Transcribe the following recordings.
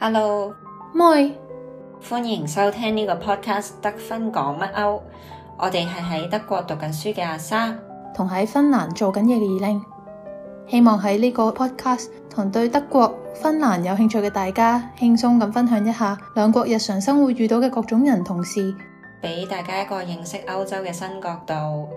Hello，妹，Moi. 歡迎收聽呢個 podcast，德芬講乜歐？我哋係喺德國讀緊書嘅阿沙，同喺芬蘭做緊嘢嘅二拎，希望喺呢個 podcast 同對德國、芬蘭有興趣嘅大家，輕鬆咁分享一下兩國日常生活遇到嘅各種人同事，俾大家一個認識歐洲嘅新角度。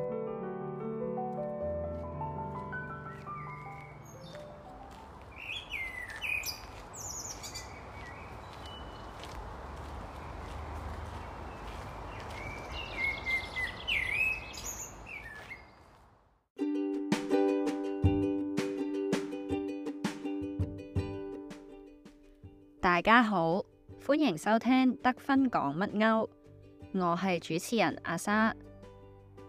大家好，歡迎收聽《得分講乜勾》，我係主持人阿莎。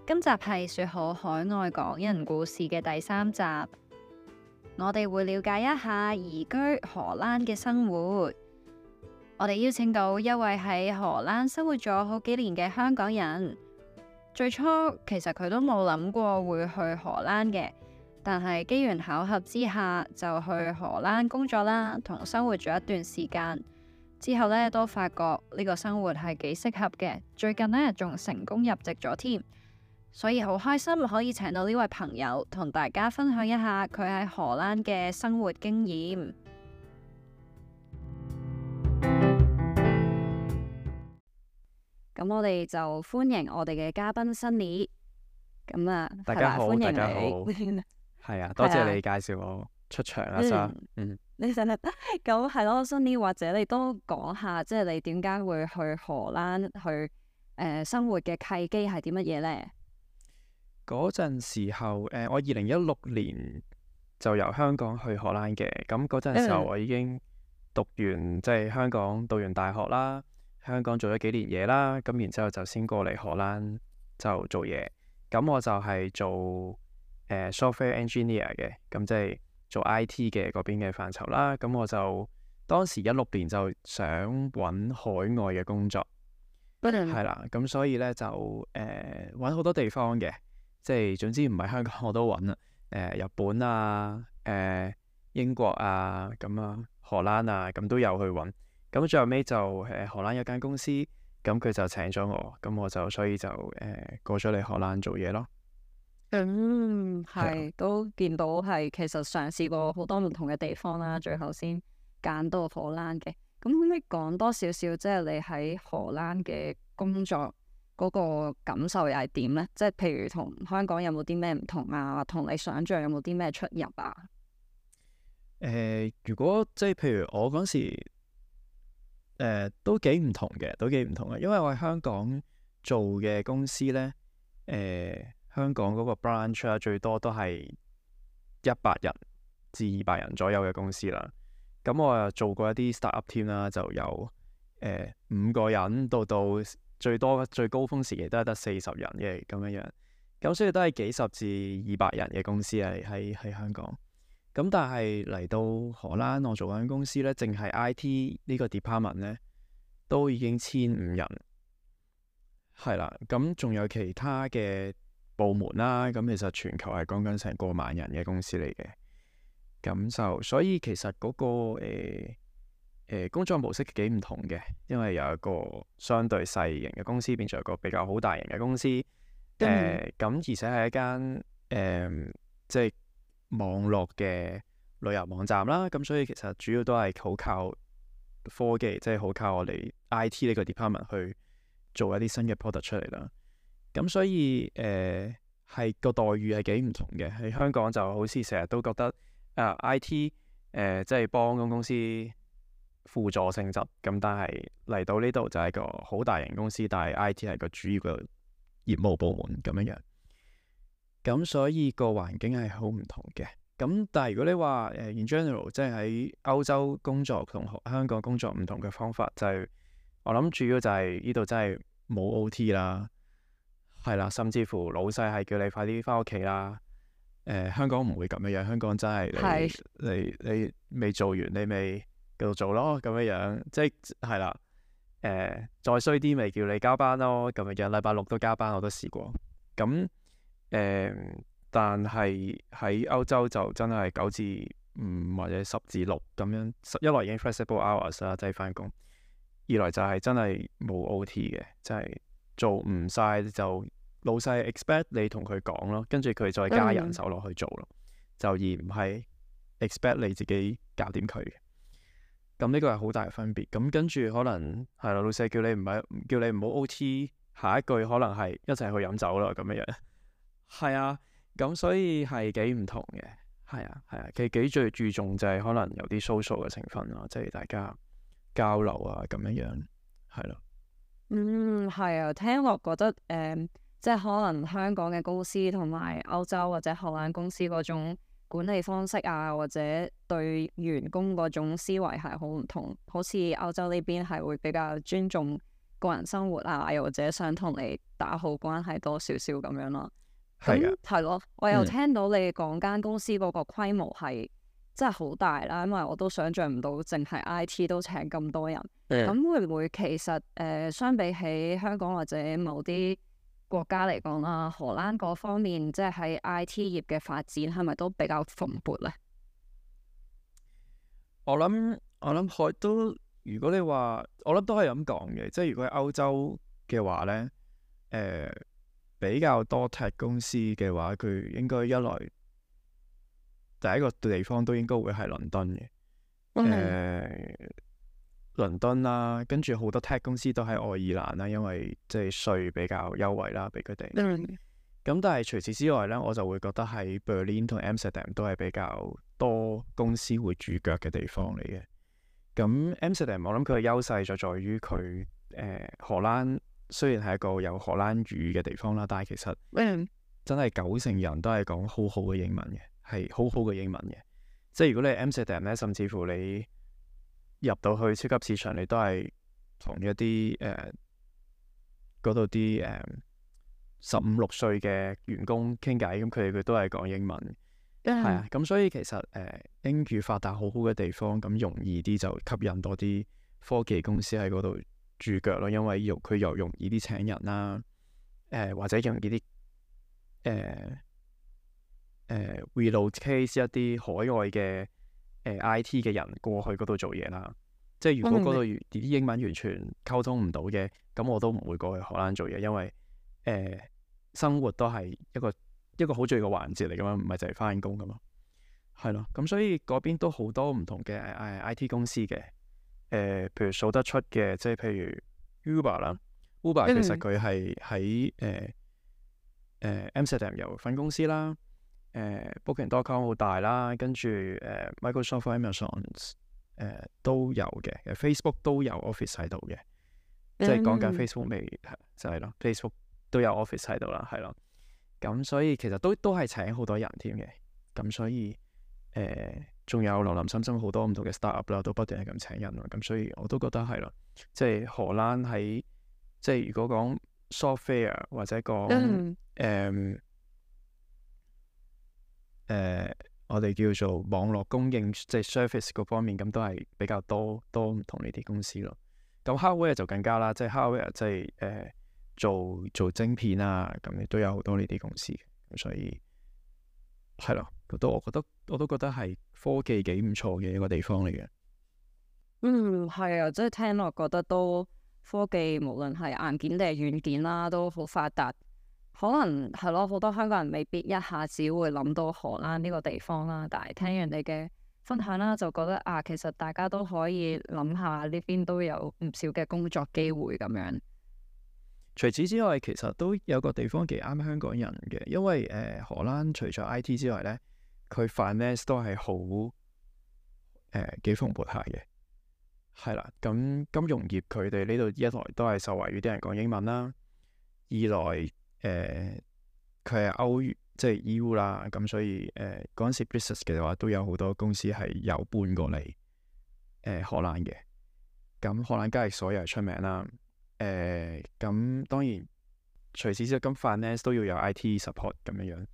今集係說好海外港人故事嘅第三集，我哋會了解一下移居荷蘭嘅生活。我哋邀請到一位喺荷蘭生活咗好幾年嘅香港人，最初其實佢都冇諗過會去荷蘭嘅。但係機緣巧合之下，就去荷蘭工作啦，同生活咗一段時間之後咧，都發覺呢個生活係幾適合嘅。最近呢，仲成功入籍咗添，所以好開心可以請到呢位朋友同大家分享一下佢喺荷蘭嘅生活經驗。咁我哋就歡迎我哋嘅嘉賓 Sunny。咁啊，大家好，歡迎你。 係啊，多謝你介紹我出場啦，Sir。嗯，你成日咁係咯，Sunny，或者你都講下，即係你點解會去荷蘭去誒、呃、生活嘅契機係啲乜嘢咧？嗰陣時候誒、呃，我二零一六年就由香港去荷蘭嘅，咁嗰陣時候我已經讀完即係、嗯、香港讀完大學啦，香港做咗幾年嘢啦，咁然之後就先過嚟荷蘭就做嘢，咁我就係做。誒、uh, software engineer 嘅，咁即係做 IT 嘅嗰邊嘅範疇啦。咁我就當時一六年就想揾海外嘅工作，係啦 But、uh。咁所以呢，就誒揾好多地方嘅，即係總之唔係香港我都揾啦。誒、 呃、日本啊，誒、呃、英國啊，咁啊荷蘭啊，咁都有去揾。咁最後尾就係呃、荷蘭有間公司，咁佢就請咗我，咁我就所以就誒、呃、過咗嚟荷蘭做嘢咯。嗯，係，都見到係，其實嘗試過好多唔同嘅地方啦，最後先揀到荷蘭嘅。咁你講多少少，即係你喺荷蘭嘅工作嗰個感受又係點咧？即係譬如同香港有冇啲咩唔同啊？同你想象有冇啲咩出入啊？誒、呃，如果即係譬如我嗰時，誒、呃，都幾唔同嘅，都幾唔同嘅，因為我喺香港做嘅公司咧，誒、呃。香港嗰個 branch 啊，最多都係一百人至二百人左右嘅公司啦。咁我又做過一啲 start up team 啦，就有誒、呃、五個人，到到最多最高峰時期都係得四十人嘅咁樣樣。咁所以都係幾十至二百人嘅公司係喺喺香港。咁但係嚟到荷蘭，我做緊公司呢，淨係 IT 呢個 department 呢，都已經千五人。係啦，咁仲有其他嘅。部門啦、啊，咁其實全球係講緊成過萬人嘅公司嚟嘅，咁就所以其實嗰、那個誒誒、呃呃、工作模式幾唔同嘅，因為有一個相對細型嘅公司變咗一個比較好大型嘅公司，誒咁跟、呃、而且係一間誒即係網絡嘅旅遊網站啦，咁所以其實主要都係好靠科技，即係好靠我哋 IT 呢個 department 去做一啲新嘅 product 出嚟啦。咁所以誒，係、呃、個待遇係幾唔同嘅。喺香港就好似成日都覺得誒 I T 誒，即、啊、係、呃就是、幫公司輔助性質，咁但係嚟到呢度就係一個好大型公司，但係 I T 係個主要嘅業務部門，咁樣樣，咁所以個環境係好唔同嘅。咁但係如果你話，誒、呃、in general 即係喺歐洲工作同香港工作唔同嘅方法，就係、是、我諗主要就係呢度真係冇 O T 啦。係啦，甚至乎老細係叫你快啲翻屋企啦。誒、呃，香港唔會咁樣樣，香港真係你是你你未做完，你咪繼續做咯咁樣樣。即係係啦。誒、呃，再衰啲咪叫你加班咯咁樣樣。禮拜六都加班，我都試過。咁誒、呃，但係喺歐洲就真係九至五或者十至六咁樣。一來已經 flexible hours 啦，即係翻工。二來就係真係冇 OT 嘅，真係。做唔晒就老細 expect 你同佢講咯，跟住佢再加人手落去做咯，嗯、就而唔係 expect 你自己搞掂佢嘅，嗯。咁、這、呢個係好大分別。咁、嗯、跟住可能係啦，老細叫你唔係叫你唔好 O.T. 下一句可能係一齊去飲酒啦咁樣樣。係 啊，咁所以係幾唔同嘅。係啊係啊，其實幾最注重就係可能有啲 social 嘅成分咯，即係大家交流啊咁樣樣，係啦。嗯，係啊，聽落覺得，誒、嗯，即係可能香港嘅公司同埋歐洲或者荷蘭公司嗰種管理方式啊，或者對員工嗰種思維係好唔同，好似歐洲呢邊係會比較尊重個人生活啊，又或者想同你打好關係多少少咁樣咯。係啊，係咯，我又聽到你講間公司嗰個規模係。真係好大啦，因為我都想像唔到，淨係 IT 都請咁多人。咁 Yeah. 會唔會其實誒、呃、相比起香港或者某啲國家嚟講啦，荷蘭嗰方面即係喺 IT 業嘅發展係咪都比較蓬勃呢？我諗我諗荷都，如果你話我諗都係咁講嘅，即係如果喺歐洲嘅話呢，誒、呃、比較多 Tech 公司嘅話，佢應該一來。第一個地方都應該會係倫敦嘅，誒、mm，倫、hmm. uh, 敦啦、啊，跟住好多 tech 公司都喺愛爾蘭啦，因為即係稅比較優惠啦，俾佢哋。咁、mm hmm. 嗯、但係除此之外咧，我就會覺得喺 Berlin 同 Amsterdam 都係比較多公司會駐腳嘅地方嚟嘅。咁 Amsterdam 我諗佢嘅優勢就在於佢，誒、呃，荷蘭雖然係一個有荷蘭語嘅地方啦，但係其實真係九成人都係講好好嘅英文嘅。.係好好嘅英文嘅，即係如果你係 Amsterdam 咧，甚至乎你入到去超級市場，你都係同一啲誒嗰度啲誒十五六歲嘅員工傾偈，咁佢哋佢都係講英文。係啊。Yeah.，咁所以其實誒、呃、英語發達好好嘅地方，咁容易啲就吸引多啲科技公司喺嗰度住腳咯，因為又佢又容易啲請人啦、啊，誒、呃、或者用幾啲誒。呃誒、uh,，relocate 一啲海外嘅誒、uh, IT 嘅人過去嗰度做嘢啦，即係如果嗰度啲英文完全溝通唔到嘅，咁我都唔會過去荷蘭做嘢，因為誒、uh, 生活都係一個一個好重要嘅環節嚟噶嘛，唔係就係翻工噶嘛。係咯，咁所以嗰邊都好多唔同嘅、uh, IT 公司嘅，誒、uh,，譬如數得出嘅，即係譬如 Uber 啦，Uber 其實佢係喺誒誒 Amsterdam 有分公司啦。誒、呃、Booking.com 好大啦，跟住誒、呃、Microsoft Amazon，呃、Amazon 誒都有嘅，Facebook 都有 office 喺度嘅，嗯、即係講緊 Facebook 未就係、是、咯，Facebook 都有 office 喺度啦，係咯。咁所以其實都都係請好多人添嘅，咁所以誒仲、呃、有林林森森好多唔同嘅 start up 啦，都不斷係咁請人啦。咁所以我都覺得係咯，即係荷蘭喺即係如果講 software 或者講誒。嗯嗯誒、呃，我哋叫做網絡供應，即係 service 嗰方面，咁都係比較多多唔同呢啲公司咯。咁 hardware 就更加啦，即係 hardware 即係誒，做做晶片啊，咁亦都有好多呢啲公司。咁所以係咯，我都我覺得，我都覺得係科技幾唔錯嘅一個地方嚟嘅。嗯，係啊，即係聽落覺得都科技，無論係硬件定係軟件啦，都好發達。可能係咯，好多香港人未必一下子會諗到荷蘭呢個地方啦。但係聽人哋嘅分享啦，就覺得啊，其實大家都可以諗下呢邊都有唔少嘅工作機會咁樣。除此之外，其實都有個地方幾啱香港人嘅，因為誒、呃、荷蘭除咗 IT 之外咧，佢 finance 都係好誒幾蓬勃下嘅。係啦，咁金融業佢哋呢度一來都係受惠於啲人講英文啦，二來，誒佢係歐即係 EU 啦，咁、嗯、所以誒嗰陣時 business 嘅話都有好多公司係有搬過嚟誒、呃、荷蘭嘅。咁、嗯、荷蘭交易所又係出名啦。誒、嗯、咁、嗯、當然除此之外，金 finance 都要有 IT support 咁樣樣，咁、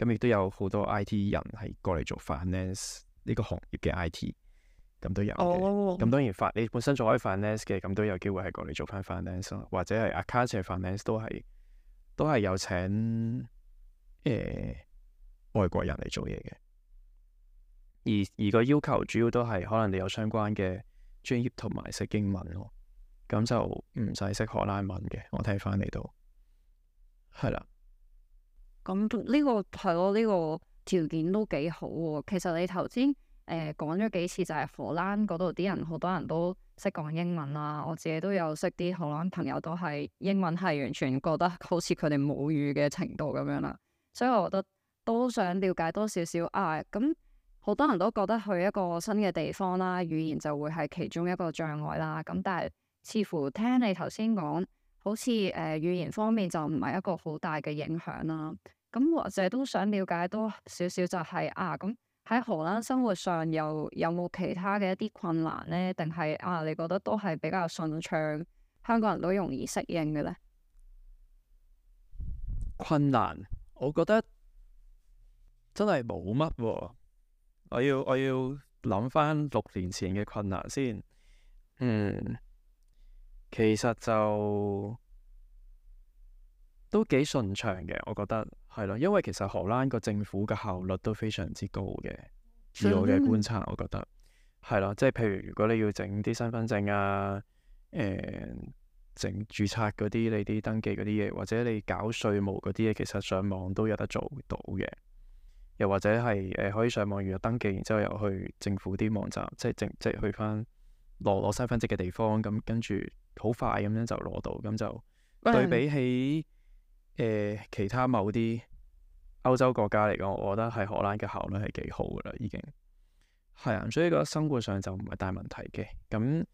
嗯、亦都有好多 IT 人係過嚟做 finance 呢個行業嘅 IT 咁、嗯、都有嘅。咁、oh. 當然，法你本身做開 finance 嘅，咁都有機會係過嚟做返 finance 或者係阿 account 嘅 finance 都係。都係有請誒、呃、外國人嚟做嘢嘅，而而個要求主要都係可能你有相關嘅專業同埋識英文咯，咁就唔使識荷蘭文嘅。我睇翻嚟都，係啦。咁呢、呢個係咯，呢、哦呢個條件都幾好、哦。其實你頭先。誒講咗幾次就係荷蘭嗰度啲人好多人都識講英文啦，我自己都有識啲荷蘭朋友都，都係英文係完全覺得好似佢哋母語嘅程度咁樣啦，所以我覺得都想了解多少少啊。咁、嗯、好多人都覺得去一個新嘅地方啦，語言就會係其中一個障礙啦。咁、嗯、但係似乎聽你頭先講，好似誒、呃、語言方面就唔係一個好大嘅影響啦。咁、嗯、或者都想了解多少少就係、是、啊咁。嗯嗯喺荷蘭生活上又有冇其他嘅一啲困難呢？定係啊？你覺得都係比較順暢，香港人都容易適應嘅呢？困難，我覺得真係冇乜。我要我要諗翻六年前嘅困難先。嗯，其實就都幾順暢嘅，我覺得。係咯，因為其實荷蘭個政府嘅效率都非常之高嘅，以我嘅觀察，我覺得係咯，即係譬如如果你要整啲身份證啊，誒、呃，整註冊嗰啲你啲登記嗰啲嘢，或者你搞稅務嗰啲嘢，其實上網都有得做到嘅，又或者係誒、呃、可以上網預約登記，然之後又去政府啲網站，即係即係去翻攞攞身份證嘅地方，咁跟住好快咁樣就攞到，咁就對比起。嗯誒、呃，其他某啲歐洲國家嚟講，我覺得喺荷蘭嘅效率係幾好噶啦，已經係啊，所以覺得生活上就唔係大問題嘅。咁誒、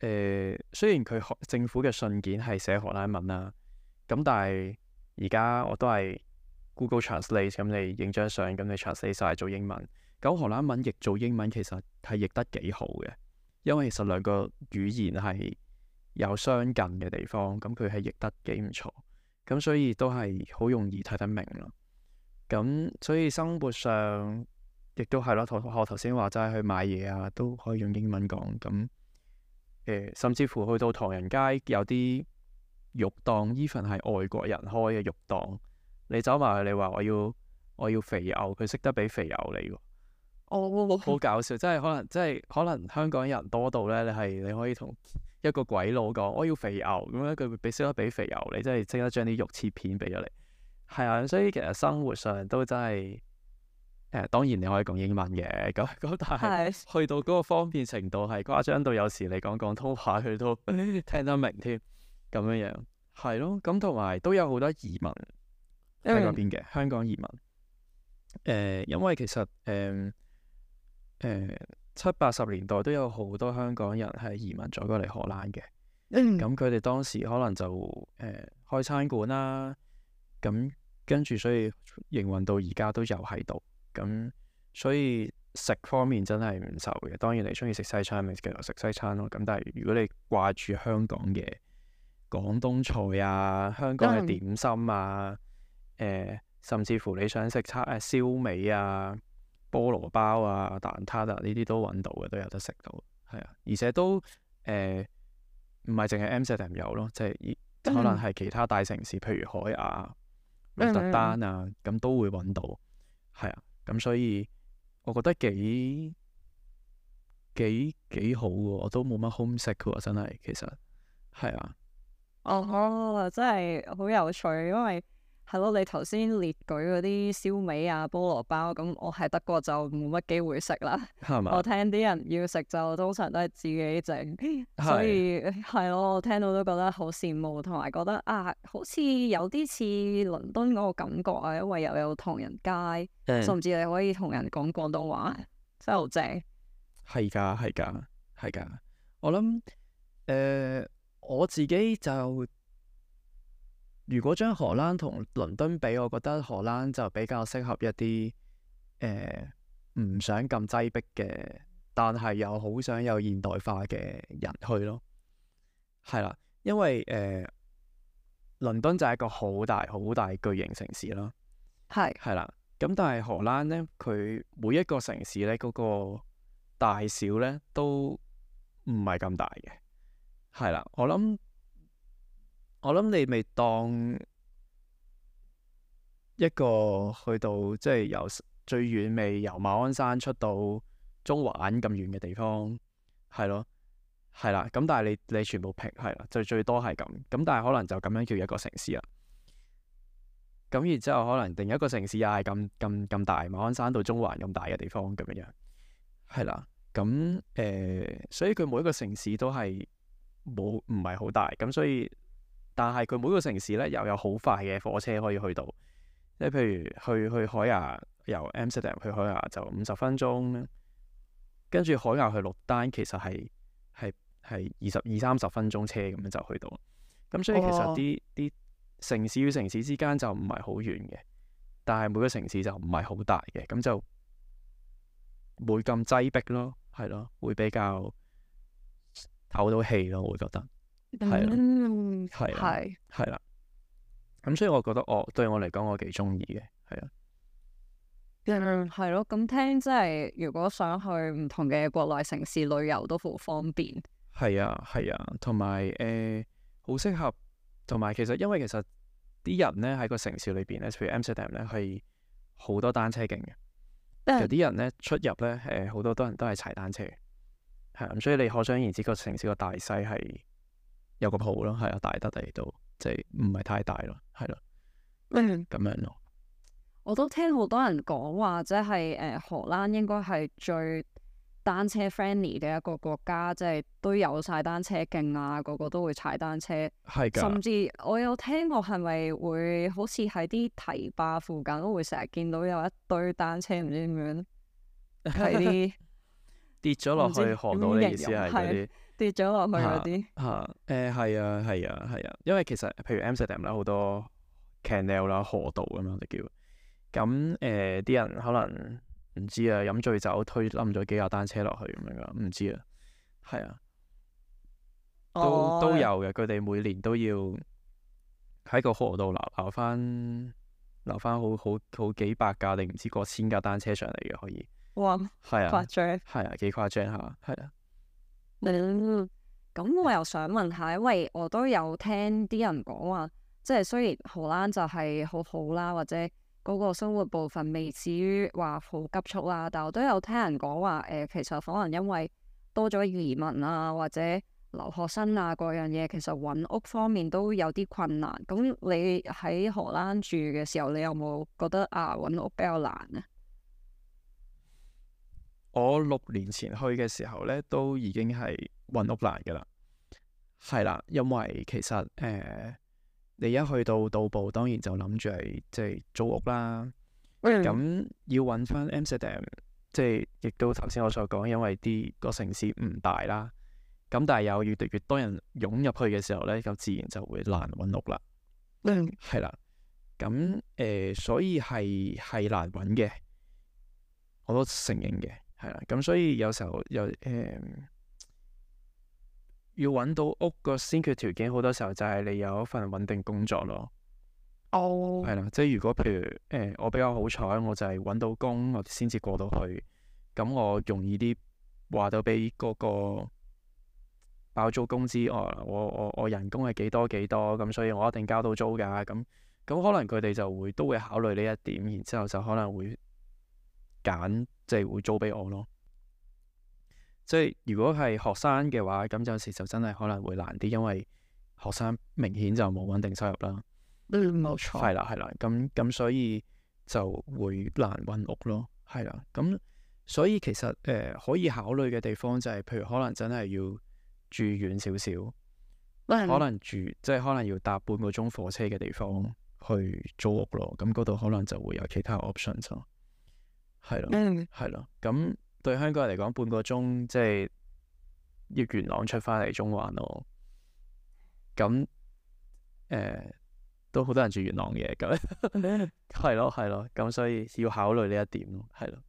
呃，雖然佢學政府嘅信件係寫荷蘭文啦，啊，咁但係而家我都係 Google Translate 咁，嗯，你影張相，咁，嗯，你 translate 晒做英文。咁荷蘭文譯做英文其實係譯得幾好嘅，因為其實兩個語言係有相近嘅地方，咁佢係譯得幾唔錯。咁所以都係好容易睇得明咯。咁所以生活上亦都係咯，頭我頭先話齋去買嘢啊，都可以用英文講。咁誒、呃，甚至乎去到唐人街有啲肉檔，even 係外國人開嘅肉檔，你走埋去，你話我要我要肥牛，佢識得俾肥牛你喎。我我好搞笑， 即係可能即係可能香港人多到呢，你係你可以同一個鬼佬講，我要肥牛咁樣，佢會俾，識得俾肥牛，你真係即刻將啲肉切片俾咗你，係啊，所以其實生活上都真係誒、嗯，當然你可以講英文嘅，咁咁，但係去到嗰個方便程度係誇張到有時你講廣東話佢都 聽得明添，咁樣樣係咯，咁同埋都有好多移民喺嗰邊嘅，嗯、香港移民，誒、呃，因為其實誒誒。呃呃七八十年代都有好多香港人係移民咗過嚟荷蘭嘅，咁佢哋當時可能就誒、呃、開餐館啦、啊，咁、嗯、跟住所以營運到而家都有喺度，咁、嗯、所以食方面真係唔愁嘅。當然你中意食西餐咪繼續食西餐咯、啊，咁但係如果你掛住香港嘅廣東菜啊、香港嘅點心啊，誒、嗯呃、甚至乎你想食叉誒燒味啊～菠蘿包啊、蛋撻啊，呢啲都揾到嘅，都有得食到，係啊，而且都誒，唔係淨係 Amsterdam 有咯，即係可能係其他大城市，譬、嗯、如海牙、阿姆斯特丹啊，咁、嗯嗯、都會揾到，係啊，咁、嗯、所以我覺得幾幾幾好喎、啊，都冇乜 home sick 喎，真係其實係啊，哦，好好、oh, oh, 真係好有趣，因為。係咯，你頭先列舉嗰啲燒味啊、菠蘿包咁，我喺德國就冇乜機會食啦。吧我聽啲人要食就通常都係自己整，所以係咯的，我聽到都覺得好羨慕，同埋覺得啊，好似有啲似倫敦嗰個感覺啊，因為又有唐人街，甚至、嗯、你可以同人講廣東話，真係好正。係㗎，係㗎，係㗎。我諗誒、呃，我自己就。如果將荷蘭同倫敦比，我覺得荷蘭就比較適合一啲誒唔想咁擠逼嘅，但係又好想有現代化嘅人去咯，係啦，因為誒、呃、倫敦就係一個好大好大巨型城市啦，係係啦，咁但係荷蘭呢，佢每一個城市呢，嗰、嗰個大小呢都唔係咁大嘅，係啦，我諗。我諗你未當一個去到即係、就是、由最遠未由馬鞍山出到中環咁遠嘅地方，係咯，係啦。咁但係你你全部平係啦，就最多係咁。咁但係可能就咁樣叫一個城市啦。咁然之後可能另一個城市又係咁咁咁大，馬鞍山到中環咁大嘅地方咁樣樣，係啦。咁誒、呃，所以佢每一個城市都係冇唔係好大，咁所以。但係佢每一個城市咧，又有好快嘅火車可以去到，即係譬如去去海牙，由 Amsterdam 去海牙就五十分鐘，跟住海牙去鹿丹其實係係係二十二三十分鐘車咁樣就去到，咁所以其實啲啲、oh. 城市與城市之間就唔係好遠嘅，但係每個城市就唔係好大嘅，咁就唔會咁擠逼咯，係咯，會比較透到氣咯，我會覺得。係，係，係啦。咁、嗯、所以我覺得我，我對我嚟講，我幾中意嘅，係啊、嗯。係咯，咁聽即係，如果想去唔同嘅國內城市旅遊都好方便。係啊，係啊，同埋誒，好、呃、適合。同埋其實因為其實啲人咧喺個城市裏邊咧，譬如 Amsterdam 咧係好多單車徑嘅，呃、有啲人咧出入咧誒好多都人都係踩單車。係咁，所以你可想而知個城市個大細係。有個鋪咯，係啊，大得嚟到，即係唔係太大咯，係咯咁樣咯。我都聽好多人講話，即係誒荷蘭應該係最單車 friendly 嘅一個國家，即係都有晒單車徑啊，個個都會踩單車。係噶，甚至我有聽過是是，係咪會好似喺啲堤壩附近都會成日見到有一堆單車，唔知點樣係啲跌咗落去河度嘅意思係跌咗落去嗰啲，啊，啊，誒，係啊，係啊，係啊，啊，因為其實譬如 Amsterdam 啦，好多 canal 啦，河道咁樣就叫，咁誒啲人可能唔知啊，飲醉酒推冧咗幾架單車落去咁樣噶，唔知啊，係啊，都、oh. 都有嘅，佢哋每年都要喺個河道流流翻，流翻好好好，好幾百架定唔知過千架單車上嚟嘅，可以，哇，係啊，醉啊誇張，係啊，幾誇張下，係啊。咁、嗯、我又想問下，因為我都有聽啲人講話，即係雖然荷蘭就係好好啦，或者嗰個生活部分未至於話好急促啦，但我都有聽人講話，誒、呃，其實可能因為多咗移民啊或者留學生啊各樣嘢，其實揾屋方面都有啲困難。咁你喺荷蘭住嘅時候，你有冇覺得啊搵屋比較難啊？我六年前去嘅時候咧，都已經係揾屋難㗎喇。係啦，因為其實誒、呃，你一去到到埗，當然就諗住係即係租屋啦。咁、嗯、要揾翻 Amsterdam，即係亦都頭先我所講，因為啲、嗰個城市唔大啦。咁但係有越嚟越多人湧入去嘅時候咧，咁自然就會難揾屋啦。係啦、嗯，咁誒、呃，所以係係難揾嘅，我都承認嘅。係啦，咁、 嗯、所以有時候又誒、嗯，要搵到屋個先決條件，好多時候就係你有一份穩定工作咯。哦，係啦，即係如果譬如誒、嗯，我比較好彩，我就係搵到工，我先至過到去，咁、嗯、我容易啲話到俾嗰個包租公司、哦，我我我我人工係幾多幾多，咁、嗯、所以我一定交到租噶，咁、嗯、咁、嗯嗯嗯、可能佢哋就會都會考慮呢一點，然之後就可能會揀。即係會租俾我咯，即係如果係學生嘅話，咁有時就真係可能會難啲，因為學生明顯就冇穩定收入啦。冇錯錯。係啦係啦，咁咁所以就會難搵屋咯。係啦，咁所以其實誒、呃、可以考慮嘅地方就係、是，譬如可能真係要住遠少少，是可能住即係、就是、可能要搭半個鐘火車嘅地方去租屋咯。咁嗰度可能就會有其他 options 咯。係咯，係咯，咁、嗯、對香港人嚟講，半個鐘即係要元朗出翻嚟中環咯。咁誒、呃，都好多人住元朗嘅，咁係咯，係 咯，咁所以要考慮呢一點咯，係咯，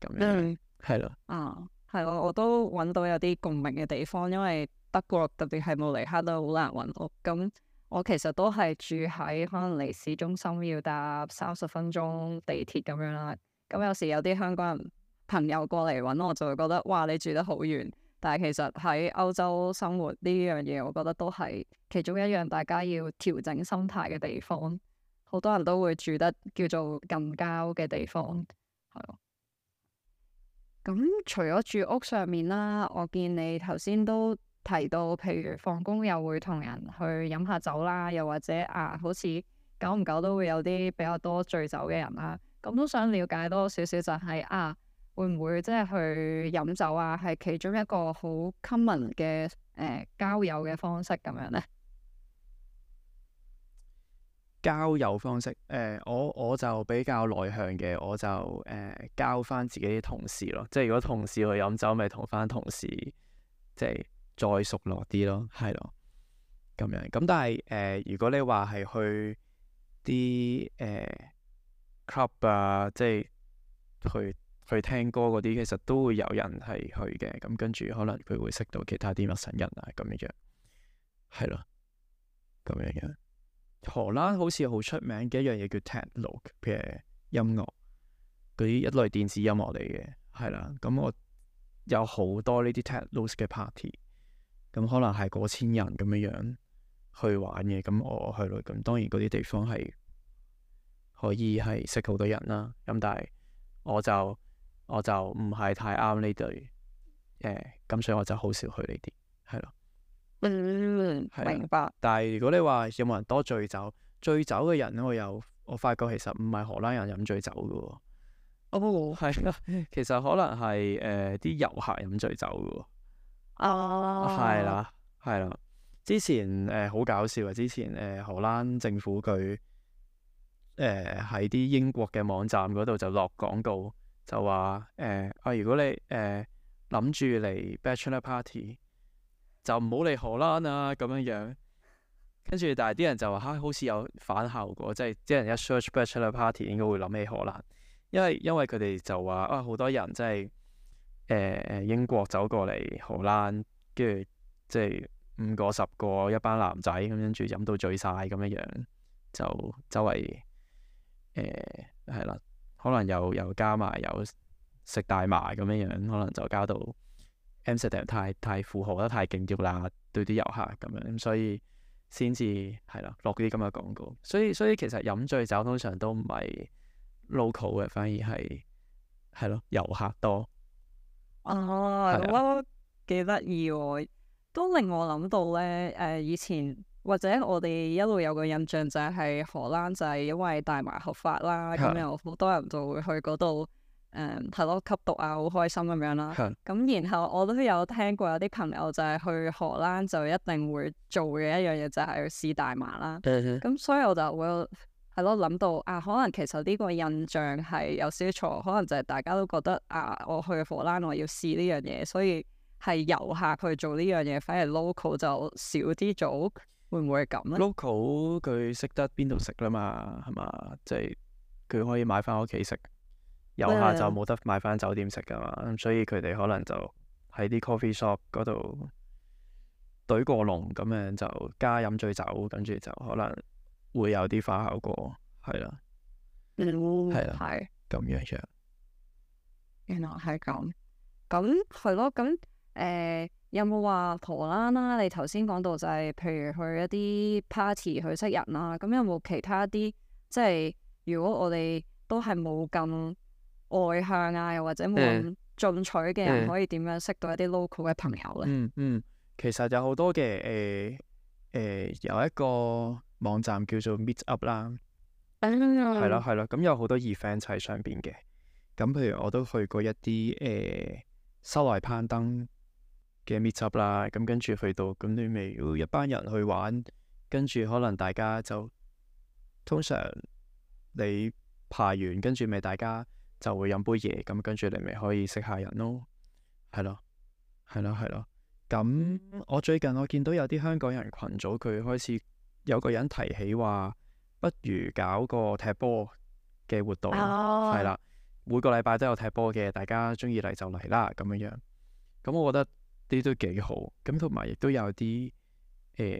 咁樣係咯，啊、嗯，係咯的、嗯，我都揾到有啲共鳴嘅地方，因為德國特別係慕尼黑都好難揾屋，咁我其實都係住喺可能離市中心要搭三十分鐘地鐵咁樣啦。咁、嗯、有時有啲香港人朋友過嚟揾我，就會覺得哇你住得好遠，但係其實喺歐洲生活呢樣嘢，我覺得都係其中一樣大家要調整心態嘅地方。好多人都會住得叫做近郊嘅地方。係咯。咁除咗住屋上面啦，我見你頭先都提到，譬如放工又會同人去飲下酒啦，又或者啊，好似久唔久都會有啲比較多醉酒嘅人啦。咁都、嗯、想了解多少少就係、是、啊，會唔會即係去飲酒啊？係其中一個好 common 嘅，誒交友嘅方式咁樣咧？交友方式誒、呃，我我就比較內向嘅，我就誒、呃、交翻自己啲同事咯。即係如果同事去飲酒，咪同翻同事即係再熟絡啲咯，係咯。咁樣咁，但係誒、呃，如果你話係去啲誒。呃 club 啊，即係去去聽歌嗰啲，其實都會有人係去嘅。咁、嗯、跟住可能佢會識到其他啲陌生人啊，咁樣樣係咯，咁樣樣。荷蘭好似好出名嘅一樣嘢叫 techno 嘅音樂，嗰啲一類電子音樂嚟嘅，係啦。咁、嗯、我有好多呢啲 techno 嘅 party，咁、嗯、可能係過千人咁樣樣去玩嘅。咁、嗯、我去到，咁、嗯、當然嗰啲地方係。可以係識好多人啦，咁但係我就我就唔係太啱呢對誒，咁、呃、所以我就好少去呢啲，係咯。明白。但係如果你話有冇人多醉酒，醉酒嘅人我有，我發覺其實唔係荷蘭人飲醉酒㗎喎。哦。係啊我，其實可能係誒啲遊客飲醉酒㗎喎。哦。係、啊、啦，係啦之、呃，之前誒好搞笑啊！之前誒荷蘭政府佢。誒喺啲英國嘅網站嗰度就落廣告，就話誒、呃、啊如果你誒諗、呃、住嚟 bachelor party，就唔好嚟荷蘭啊咁樣樣。跟住但係啲人就話嚇、啊、好似有反效果，即係啲人一 search bachelor party 應該會諗起荷蘭，因為因為佢哋就話啊好多人即係誒誒英國走過嚟荷蘭，跟住即係五個十個一班男仔咁跟住飲到醉晒。咁樣樣，就周圍。誒，係、欸、啦，可能又又加埋又食大麻咁樣樣，可能就加到 Amsterdam 太太富豪得太勁刁啦，對啲遊客咁樣，咁所以先至係啦，落啲咁嘅廣告。所以所以其實飲醉酒通常都唔係 local 嘅，反而係係咯遊客多。哦、啊，啦哇，幾得意哦，都令我諗到咧，誒、呃，以前。或者我哋一路有個印象就係荷蘭就係因為大麻合法啦，咁有好多人就會去嗰度，誒，係咯，吸毒啊，好開心咁樣啦。咁、嗯、然後我都有聽過有啲朋友就係去荷蘭就一定會做嘅一樣嘢就係去試大麻啦。咁、嗯嗯、所以我就會係咯諗到啊，可能其實呢個印象係有少少錯，可能就係大家都覺得啊，我去荷蘭我要試呢樣嘢，所以係遊客去做呢樣嘢，反而 local 就少啲做。會唔會係咁咧？Local 佢識得邊度食啦嘛，係嘛？即係佢可以買翻屋企食。有下就冇得買翻酒店食噶嘛，所以佢哋可能就喺啲 coffee shop 嗰度隊過龍咁樣就加飲醉酒，跟住就可能會有啲化效果，係啦、係啊。嗯，係啦，咁樣樣。原來係咁，咁係咯，咁誒。有冇話荷蘭啦、啊？你頭先講到就係、是，譬如去一啲 party 去識人啦、啊。咁有冇其他啲，即係如果我哋都係冇咁外向啊，又或者冇咁進取嘅人，可以點樣識到一啲 local 嘅朋友咧？嗯嗯，其實有好多嘅誒誒，有一個網站叫做 Meet Up 啦，係咯係咯，咁有好多 event 喺上邊嘅。咁譬如我都去過一啲誒室內攀登。嘅 meet up 啦，咁跟住去到，咁、嗯、你咪一班人去玩，跟住可能大家就通常你排完，跟住咪大家就會飲杯嘢，咁跟住你咪可以識下人咯，係咯，係咯，係咯。咁、嗯嗯、我最近我見到有啲香港人群組，佢開始有個人提起話，不如搞個踢波嘅活動，係、哦、啦，每個禮拜都有踢波嘅，大家中意嚟就嚟啦，咁樣樣，咁、嗯、我覺得，啲都幾好，咁同埋亦都有啲誒、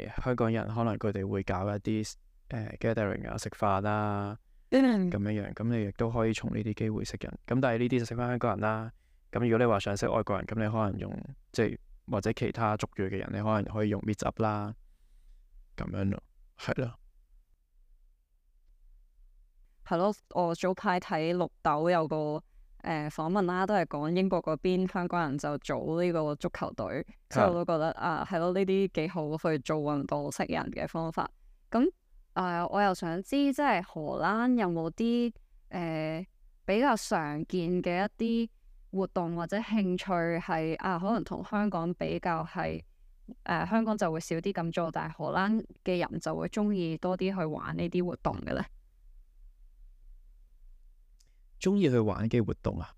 呃、香港人，可能佢哋會搞一啲誒 gathering 啊、呃、食，食飯啦，咁樣 樣，咁你亦都可以從呢啲機會識人。咁但係呢啲就識翻香港人啦。咁如果你話想識外國人，咁你可能用即係或者其他族裔嘅人，你可能可以用 Meetup 啦，咁樣咯，係咯，係咯、嗯。我早排睇綠豆有個。誒、呃、訪問啦、啊，都係講英國嗰邊香港人就組呢個足球隊，啊、所以我都覺得啊，係咯，呢啲幾好去做運動識人嘅方法。咁誒、呃，我又想知，即係荷蘭有冇啲誒比較常見嘅一啲活動或者興趣係啊？可能同香港比較係誒、呃，香港就會少啲咁做，但係荷蘭嘅人就會中意多啲去玩呢啲活動嘅咧。中意去玩嘅活動啊，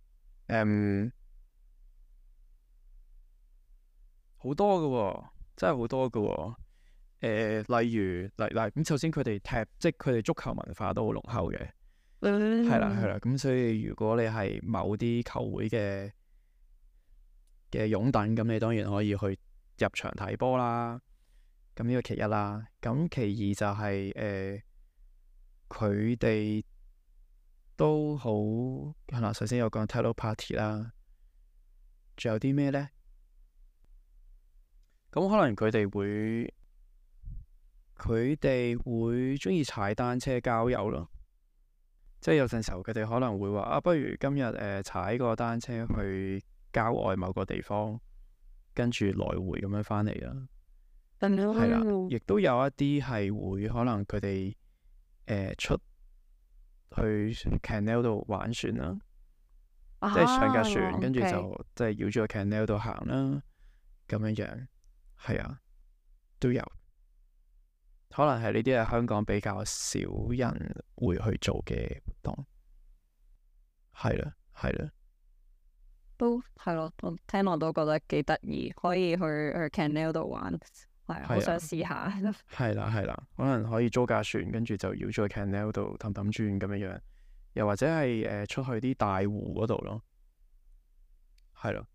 誒、um, 好多嘅喎、哦，真係好多嘅喎、哦呃。例如，嗱嗱咁，首先佢哋踢，即係佢哋足球文化都好濃厚嘅，係啦係啦。咁、嗯、所以如果你係某啲球會嘅嘅擁躉，咁你當然可以去入場睇波啦。咁呢個其一啦。咁其二就係誒佢哋。呃都好，係啦。首先有 tele party 啦，仲有啲咩呢？咁可能佢哋會，佢哋會中意踩單車郊遊咯。即係有陣時候，佢哋可能會話啊，不如今日踩、呃、個單車去郊外某個地方，跟住來回咁樣返嚟啦。係 Hello. 啦，亦都有一啲係會可能佢哋、呃、出。去 canal 度玩船啦、啊，啊、即係上架船，啊、跟住就是即係繞住個 canal 度行啦、啊，咁樣樣，係啊，都有，可能係呢啲係香港比較少人會去做嘅活動，係啦、啊，係啦、啊，都係咯、啊，我聽落都覺得幾得意，可以去去 canal 度玩。係，我想試下。係啦、啊，係啦、啊啊啊，可能可以租架船，跟住就繞咗去 canal 度氹氹轉咁樣樣，又或者係誒、呃、出去啲大湖嗰度咯。係咯、啊。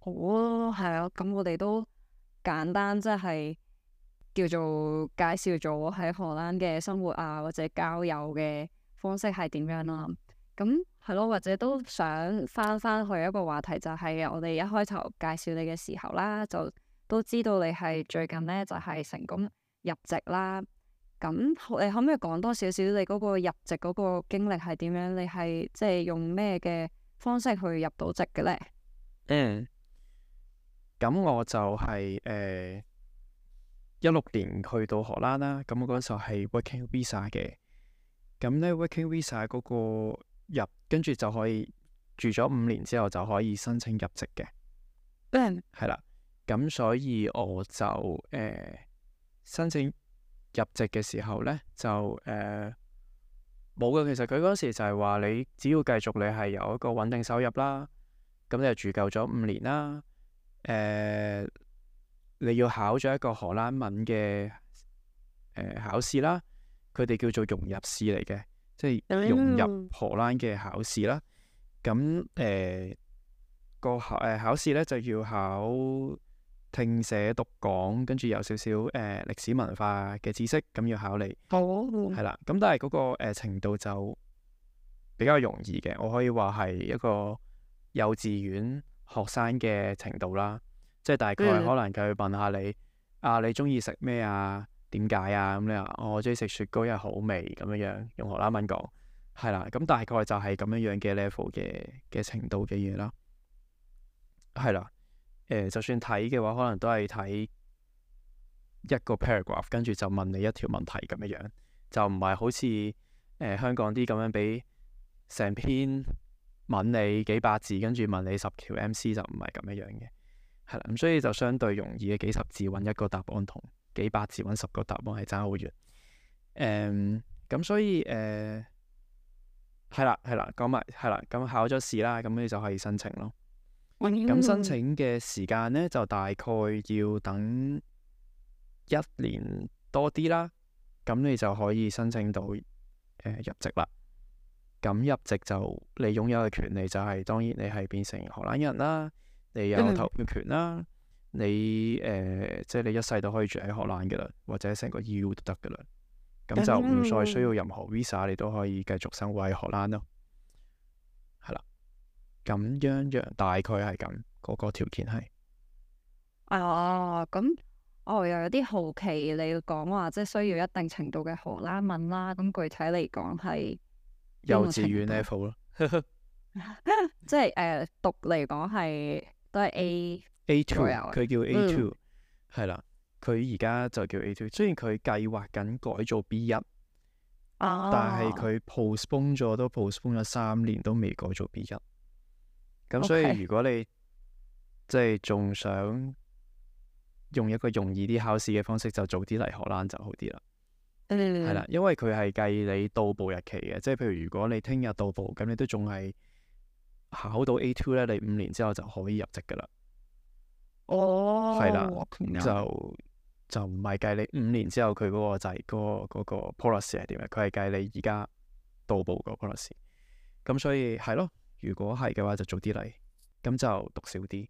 哦、啊，係咯、啊，好，咁我哋都簡單，即係叫做介紹咗喺荷蘭嘅生活啊，或者交友嘅方式係點樣啦、啊。咁係咯，或者都想翻翻去一個話題，就係我哋一開頭介紹你嘅時候啦，就。都知道你係最近咧，就係、是、成功入籍啦，咁你可唔可以講多少少你嗰個入籍嗰個經歷係點樣？你係即係用咩嘅方式去入到籍嘅咧？嗯，咁我就係誒一六年去到荷蘭啦，咁我嗰陣時係 Working Visa 嘅，咁咧 Working Visa 嗰個入跟住就可以住咗五年之後就可以申請入籍嘅，係、嗯、啦。咁所以我就誒、呃、申請入籍嘅時候呢，就誒冇㗎。其實佢嗰時就係話你只要繼續你係有一個穩定收入啦，咁你就住夠咗五年啦，誒、呃、你要考咗一個荷蘭文嘅誒、呃、考試啦，佢哋叫做融入試嚟嘅，即係融入荷蘭嘅考試啦。咁誒、呃、個考誒、呃、考試呢，就要考，聽寫讀講，跟住有少少誒、呃、歷史文化嘅知識咁要考你，係啦、嗯，咁但係嗰、那個、呃、程度就比較容易嘅，我可以話係一個幼稚園學生嘅程度啦，即係大概可能佢問下你、嗯、啊，你中意食咩啊？點解啊？咁你話、哦、我中意食雪糕，因為好味咁樣樣，用荷蘭文講係啦，咁大概就係咁樣樣嘅 level 嘅嘅程度嘅嘢啦，係啦。誒、呃，就算睇嘅話，可能都係睇一個 paragraph，跟住就問你一條問題咁樣，就唔係好似誒、呃、香港啲咁樣俾成篇文你幾百字，跟住問你十條 MC 就唔係咁樣嘅，係啦，咁、嗯、所以就相對容易嘅，幾十字揾一個答案同幾百字揾十個答案係爭好遠。誒、嗯，咁所以誒，係啦係啦，講埋係啦，咁考咗試啦，咁你就可以申請咯。咁申請嘅時間呢，就大概要等一年多啲啦。咁你就可以申請到、呃、入籍啦。咁入籍就你擁有嘅權利就係、是，當然你係變成荷蘭人啦，你有投票權啦，嗯、你誒即係你一世都可以住喺荷蘭嘅啦，或者成個 EU 都得嘅啦。咁就唔再需要任何 visa，你都可以繼續生活喺荷蘭咯。咁樣樣，大概係咁，個個條件係啊。咁我、哦哦、又有啲好奇，你講話即係需要一定程度嘅荷蘭文啦。咁具體嚟講係幼稚園 A 蒲咯，即係誒讀嚟講係都係 A 2, A two，佢叫 A two，係啦，佢而家就叫 A two。雖然佢計劃緊改做 B 一、啊，但係佢 postpone 咗都 postpone 咗三年，都未改做 B 一。咁所以如果你 Okay. 即係仲想用一個容易啲考試嘅方式，就早啲嚟荷蘭啦就好啲啦。嗯，係啦，因為佢係計你到步日期嘅，即係譬如如果你聽日到步，咁你都仲係考到 A two 咧，你五年之後就可以入籍噶啦。哦、oh, 的，係啦，就就唔係計你五年之後佢嗰、那個就係嗰個、那個 policy 係點嘅，佢係計你而家到步個 policy。咁所以係咯。如果係嘅話，就早啲嚟，咁就讀少啲。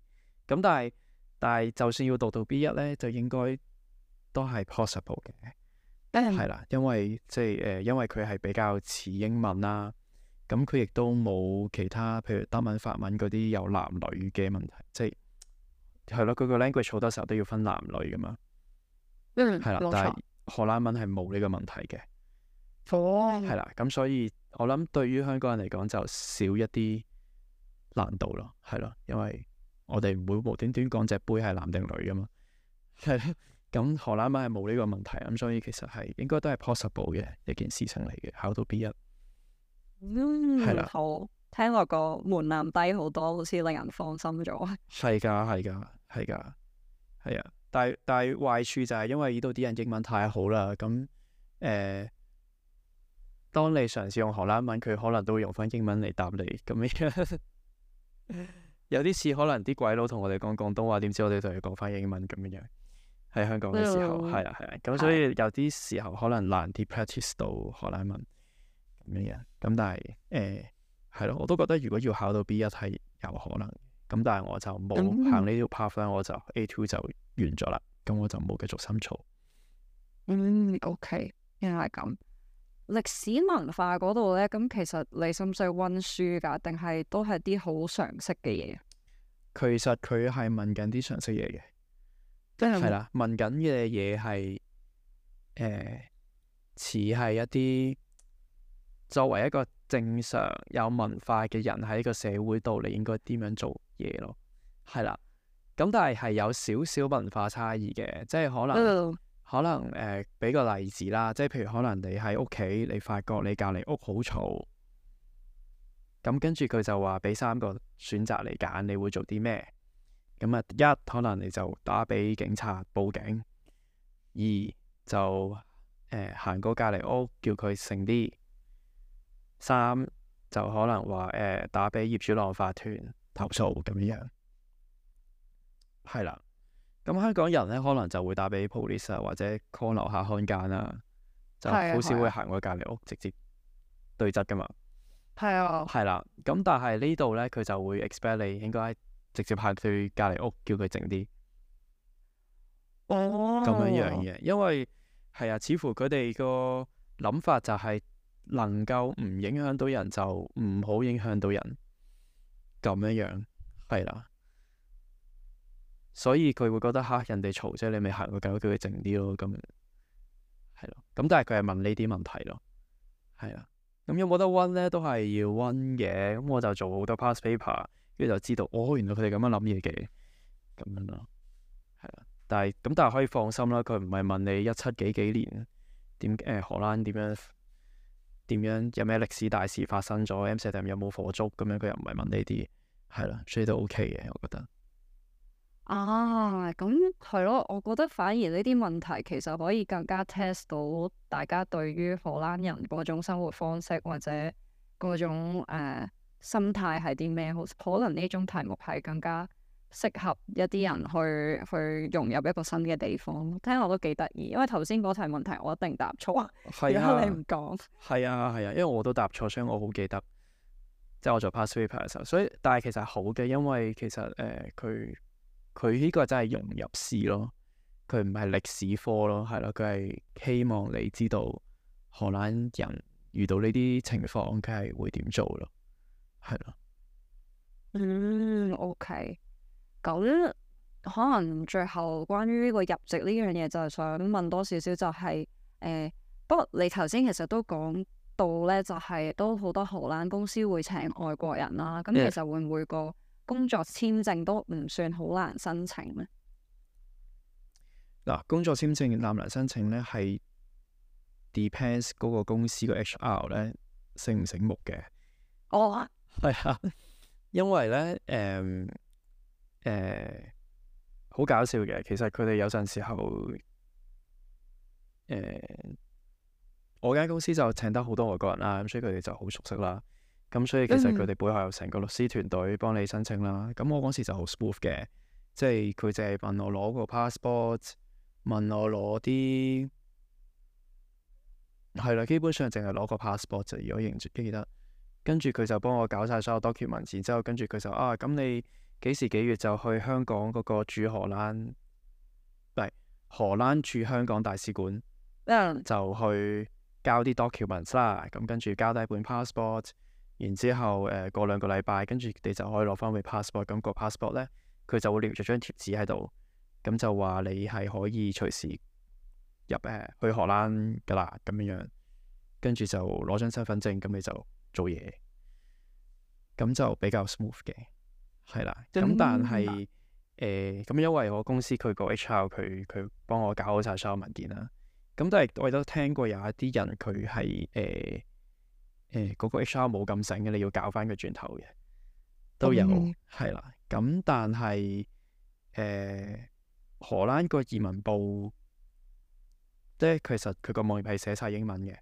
咁但係但係，就算要讀到 B 一呢，就應該都係 possible 嘅。嗯，係啦，因為即係、呃、因為佢係比較似英文啦、啊。咁佢亦都冇其他，譬如德文、法文嗰啲有男女嘅問題。即係係咯，佢個 language 好多時候都要分男女噶嘛。嗯，係啦的，嗯，但係荷蘭文係冇呢個問題嘅。哦，係啦、嗯，咁所以我諗對於香港人嚟講就少一啲難度咯，係咯，因為我哋唔會無端端講隻杯係男定女噶嘛，係咯，咁荷蘭文係冇呢個問題，咁所以其實係應該都係 possible 嘅一件事情嚟嘅，考到 B 一，嗯，係啦的，好，聽落個門檻低好多，好似令人放心咗，係噶，係噶，係噶，係啊，但係但係壞處就係因為呢度啲人英文太好啦，咁誒。欸當你嘗試用荷蘭文，佢可能都會用翻英文嚟答你咁樣。 有啲似可能啲鬼佬同我哋講廣東話，點知我哋就要講翻英文咁樣。喺香港嘅時候，係啦係啦。咁、啊啊、所以有啲時候可能難啲 practice 到荷蘭文咁樣。咁但係誒係咯，我都覺得如果要考到 B 一係有可能。咁但係我就冇行、嗯、呢條 path 我就 A two 就完咗啦。咁我就冇繼續深造。嗯，OK，原來係咁。歷史文化嗰度咧，咁其實你使唔使溫書噶？定係都係啲好常識嘅嘢？其實佢係問緊啲常識嘢嘅，即係係啦，問緊嘅嘢係誒似係一啲作為一個正常有文化嘅人喺個社會度，你應該點樣做嘢咯？係啦，咁但係係有少少文化差異嘅，即係可能。嗯可能誒，俾、呃、個例子啦，即係譬如可能你喺屋企，你發覺你隔離屋好嘈，咁跟住佢就話俾三個選擇嚟揀，你會做啲咩？咁啊，一可能你就打俾警察報警，二就誒行、呃、過隔離屋叫佢靜啲，三就可能話誒、呃、打俾業主浪法團投訴咁樣，係啦。咁香港人咧，可能就會打俾 police 啊，或者 call 樓下看更啦，嗯、就好少會行過隔離屋直接對質噶嘛。係啊。係啦，咁但係呢度咧，佢就會 expect 你應該直接行去隔離屋叫佢靜啲。哦。咁樣樣嘅，因為係啊，似乎佢哋個諗法就係能夠唔影，影響到人，就唔好影響到人。咁樣樣係啦。所以佢會覺得嚇、哎、人哋嘈啫，你咪行個狗叫佢靜啲咯，咁係咯，咁但係佢係問呢啲問題咯，係啊，咁有冇得溫咧都係要溫嘅，咁我就做好多 past paper，跟住就知道，哦，原來佢哋咁樣諗嘢嘅，咁樣咯，係啊，但係咁但係可以放心啦，佢唔係問你一七幾幾年點誒荷蘭點樣點樣有咩歷史大事發生咗，Amsterdam 有冇火燭咁樣，佢又唔係問呢啲，係啦，所以都 OK 嘅，我覺得。啊，咁係咯，我覺得反而呢啲問題其實可以更加 test 到大家對於荷蘭人嗰種生活方式或者嗰種、呃、心態係啲咩，好可能呢種題目係更加適合一啲人去去融入一個新嘅地方。聽落都幾得意，因為頭先嗰題問題我一定答錯，啊、如果你唔講，係啊係啊，啊，因為我都答錯，所以我好記得，即係我做 past paper 嘅時候。所以但係其實好嘅，因為其實誒佢。呃佢呢個真係融入試咯，佢唔係歷史科咯，係咯，佢係希望你知道荷蘭人遇到呢啲情況，佢係會點做咯，係咯。嗯，OK。咁可能最後關於呢個入籍呢樣嘢，就係想問多少少，就是，就係誒，不過你頭先其實都講到咧，就係、是，都好多荷蘭公司會請外國人啦，咁其實會唔會個？Yeah. 工作簽證都唔算好難申請咩？嗱，工作簽證難唔難申請咧？係 depends 嗰個公司個 HR 咧，醒唔醒目嘅。哦，係啊，因為咧，誒誒好搞笑嘅，其實佢哋有陣時候誒、嗯，我間公司就請得好多外國人啦，咁所以佢哋就好熟悉啦。咁所以其實佢哋背後有成個律師團隊幫你申請啦。咁我嗰時就好 smooth 嘅，即係佢淨係問我攞個 passport，問我攞啲係啦，基本上淨係攞個 passport 就如果認住記得。跟住佢就幫我搞晒所有 document，然之後跟住佢就啊，咁你幾時幾月就去香港嗰個駐荷蘭，唔係荷蘭駐香港大使館，嗯、就去交啲 document 啦。咁跟住交低本 passport。然之後，誒過兩個禮拜，跟住你就可以攞翻個 passport。咁個 passport 咧，佢就會黏著張貼紙喺度，咁就話你係可以隨時入誒去荷蘭噶啦，咁樣樣。跟住就攞張身份證，咁你就做嘢，咁就比較 smooth 嘅，係啦。咁但係誒，咁、呃、因為我公司佢個 HR 佢佢幫我搞好晒所有文件啦。咁但係我亦都聽過有一啲人佢係誒。呃誒，嗰、欸那個 HR 冇咁醒嘅，你要搞翻佢轉頭嘅，都有係啦。咁、嗯、但係，誒、呃，荷蘭個移民部，即、呃、係其實佢個網頁係寫晒英文嘅，咁、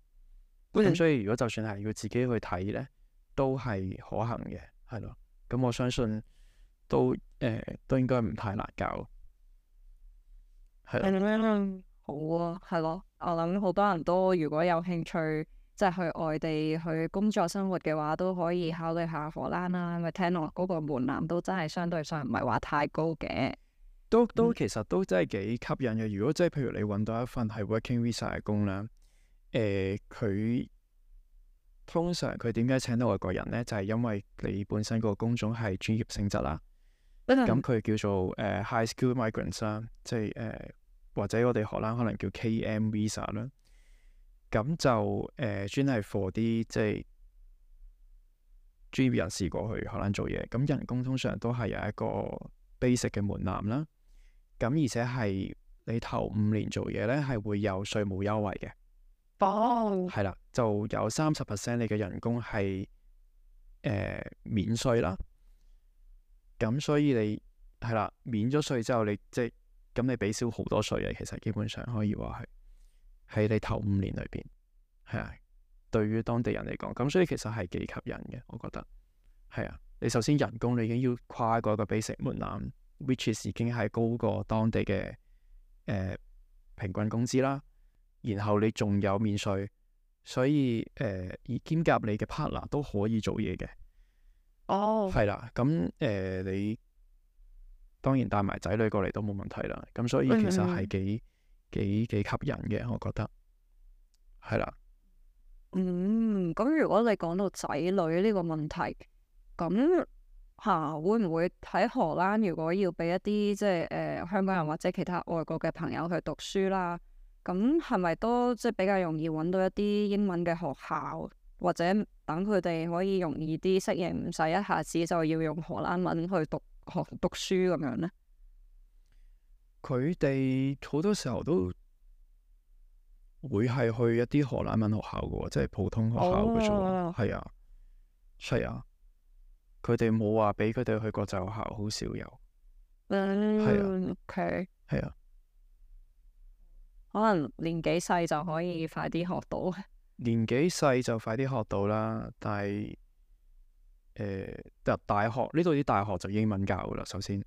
嗯、所以如果就算係要自己去睇咧，都係可行嘅，係咯。咁我相信都誒、呃、都應該唔太難搞。係啦、嗯嗯，好啊，係咯。我諗好多人都如果有興趣。即係去外地去工作生活嘅話，都可以考慮下荷蘭啦。咁聽落嗰個門檻都真係相對上唔係話太高嘅。都都其實都真係幾吸引嘅。如果即係譬如你揾到一份係 working visa 嘅工啦，誒、呃、佢通常佢點解請到外國人呢？就係、是、因為你本身個工種係專業性質啦。咁佢、嗯、叫做誒、uh, high skill migrants 啦，即係誒、uh, 或者我哋荷蘭可能叫 K M visa 啦。咁就誒、呃、專係 for 啲即係專業人士過去荷蘭做嘢，咁人工通常都係有一個 basic 嘅門檻啦。咁而且係你頭五年做嘢咧，係會有稅務優惠嘅。棒。係啦，就有三十 percent 你嘅人工係誒、呃、免稅啦。咁所以你係啦，免咗稅之後你，即你即係咁，你俾少好多稅啊。其實基本上可以話係。喺你頭五年裏邊，係啊，對於當地人嚟講，咁所以其實係幾吸引嘅，我覺得係啊。你首先人工你已經要跨過一個 basic 門檻，oh.，which is 已經係高過當地嘅誒、呃、平均工資啦。然後你仲有免稅，所以誒、呃、兼夾你嘅 partner 都可以做嘢嘅。哦、oh.，係啦，咁、呃、誒你當然帶埋仔女過嚟都冇問題啦。咁所以其實係幾。Oh. 嗯幾幾吸引嘅，我覺得係啦。Yeah. 嗯，咁如果你講到仔女呢個問題，咁吓、啊、會唔會喺荷蘭？如果要俾一啲即係誒、呃、香港人或者其他外國嘅朋友去讀書啦，咁係咪都即係比較容易揾到一啲英文嘅學校，或者等佢哋可以容易啲適應，唔使一下子就要用荷蘭文去讀學讀書咁樣咧？佢哋好多時候都會係去一啲荷蘭文學校嘅，即係普通學校嘅啫。係啊，oh. 啊，係啊。佢哋冇話俾佢哋去國際學校，好少有。係啊，OK。係啊，Okay. 可能年紀細就可以快啲學到。年紀細就快啲學到啦，但係誒入大學呢度啲大學就英文教噶啦，首先。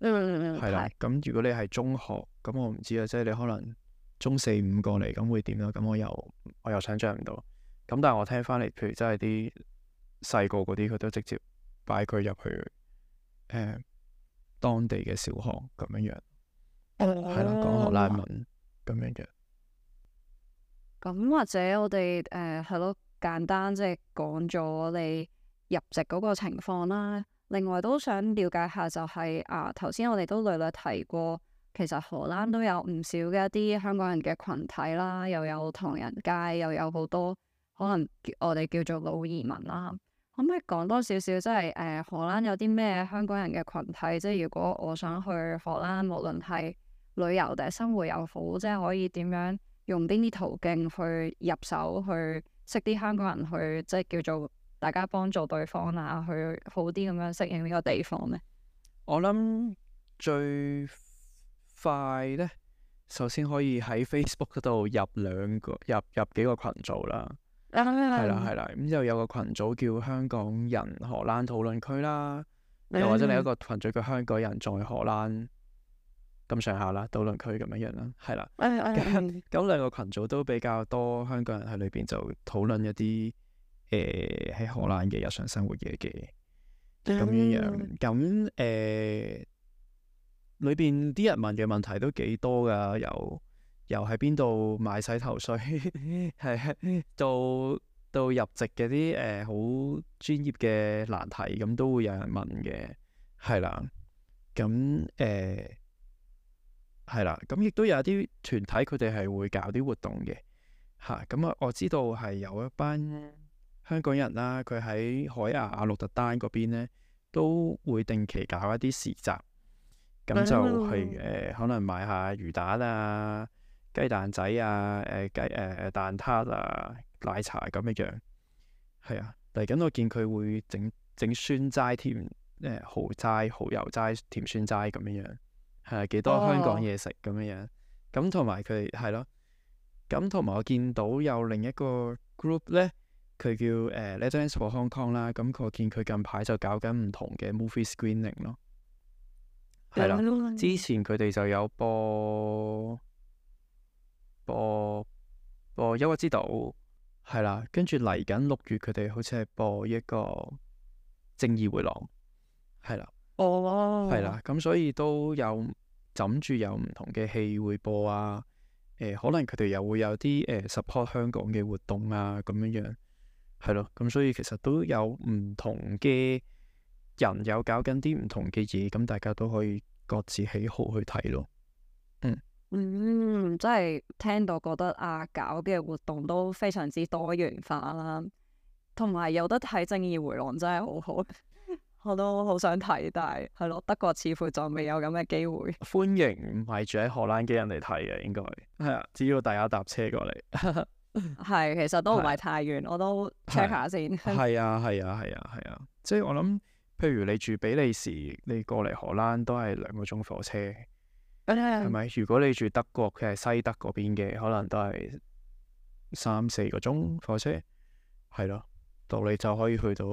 嗯嗯嗯，係啦。咁如果你係中學，咁我唔知啦，即係你可能中四五過嚟，咁會點啦？咁我又我又想象唔到。咁但係我聽翻嚟，譬如真係啲細個嗰啲，佢都直接擺佢入去誒、呃、當地嘅小學咁樣樣。哦、嗯，係啦，講荷蘭拉文咁樣、嗯、樣。咁、嗯嗯、或者我哋誒係咯，簡單即係講咗你入籍嗰個情況啦。另外都想了解下就係啊，頭先我哋都略略提過，其實荷蘭都有唔少嘅一啲香港人嘅群體啦，又有唐人街，又有好多可能我哋叫做老移民啦。可唔可以講多少少即係誒荷蘭有啲咩香港人嘅群體，即係如果我想去荷蘭，無論係旅遊定係生活又好，即係可以點樣用邊啲途徑去入手去識啲香港人去即係叫做？大家幫助對方啊，去好啲咁樣適應呢個地方咧。我諗最快咧，首先可以喺 Facebook 嗰度入兩個入入幾個群組啦。係啦係啦。咁之後有個群組叫香港人荷蘭討論區啦，又、嗯、或者另一個群組叫香港人在荷蘭咁上下啦，討論區咁樣樣啦。係啦。咁咁、嗯嗯、 兩個群組都比較多香港人喺裏邊就討論一啲，誒，喺、呃、荷蘭嘅日常生活嘅嘅，咁樣樣，咁誒、呃，裏邊啲人問嘅問題都幾多噶，由由喺邊度買洗頭水，係 到到入籍嘅啲誒，好、呃、專業嘅難題，咁都會有人問嘅，係啦，咁誒，係、呃、啦，咁亦都有啲團體佢哋係會搞啲活動嘅，吓，咁啊，我知道係有一班香港人啦、啊，佢喺海牙、啊、阿鹿特丹嗰邊咧，都會定期搞一啲市集，咁就係誒、 呃、可能買下魚蛋啊、雞蛋仔啊、誒、呃、雞誒、呃、蛋撻啊、奶茶咁樣。係啊，嚟緊我見佢會整整酸齋甜誒蠔齋、蠔油齋、甜酸齋咁樣樣，係幾、啊、多香港嘢食咁樣、oh. 樣。咁同埋佢係咯，咁同埋我見到有另一個 group 咧。佢叫誒、呃、Let's Dance for Hong Kong 啦，咁佢見佢近排就搞緊唔同嘅 movie screening 咯，係 Yeah, 啦。之前佢哋就有播播播《憂鬱之島》，係啦。跟住嚟緊六月，佢哋好似係播一個《正義迴廊》，係啦。哦，係啦。咁所以都有枕住有唔同嘅戲會播啊。誒、呃，可能佢哋又會有啲誒、呃、support 香港嘅活動啊，咁樣樣。係咯，咁所以其實都有唔同嘅人有搞緊啲唔同嘅嘢，咁大家都可以各自喜好去睇咯。嗯，嗯，真係聽到覺得啊，搞嘅活動都非常之多元化啦，同埋有得睇正義回廊真係好好， 我都好想睇，但係係咯，德國似乎就未有咁嘅機會。歡迎唔係住喺荷蘭嘅人嚟睇嘅，應該係啊，只 要大家搭車過嚟。 係， 其實都唔係太遠，是我都 check 是下先。係啊，係啊，係啊，係啊，即係我諗，譬如你住比利時，你過嚟荷蘭都係兩個鐘火車，係咪？ 如果你住德國，佢係西德嗰邊嘅，可能都係三四個鐘火車，係咯、啊，到你就可以去到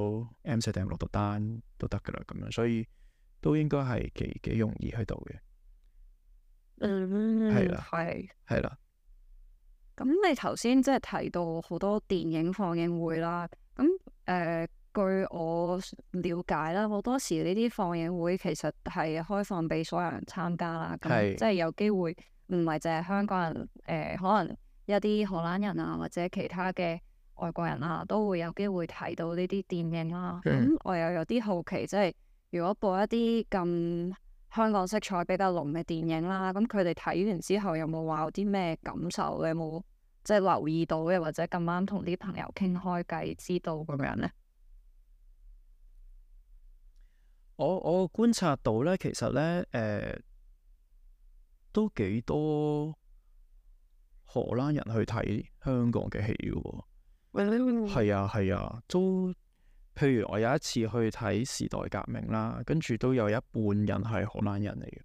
Amsterdam 鹿特丹都得噶啦，咁樣，所以都應該係幾幾容易去到嘅。嗯，係啦、啊，係啦、啊。咁你頭先即係提到好多電影放映會啦，咁誒、呃、據我了解啦，好多時呢啲放映會其實係開放俾所有人參加啦，咁即係有機會唔係淨係香港人，誒、呃、可能一啲荷蘭人啊或者其他嘅外國人啊都會有機會睇到呢啲電影啦。咁是、嗯、我又有啲好奇，即係如果播一啲咁香港色彩比較濃嘅電影啦，咁佢哋睇完之後有冇話有啲咩感受？你有冇即係留意到？又或者咁啱同啲朋友傾開偈，知道咁樣咧？我我觀察到咧，其實咧，誒、呃、都幾多荷蘭人去睇香港嘅戲嘅喎、哦。係 啊，係啊，都。譬如我有一次去睇《時代革命》啦，跟住都有一半人係荷蘭人嚟嘅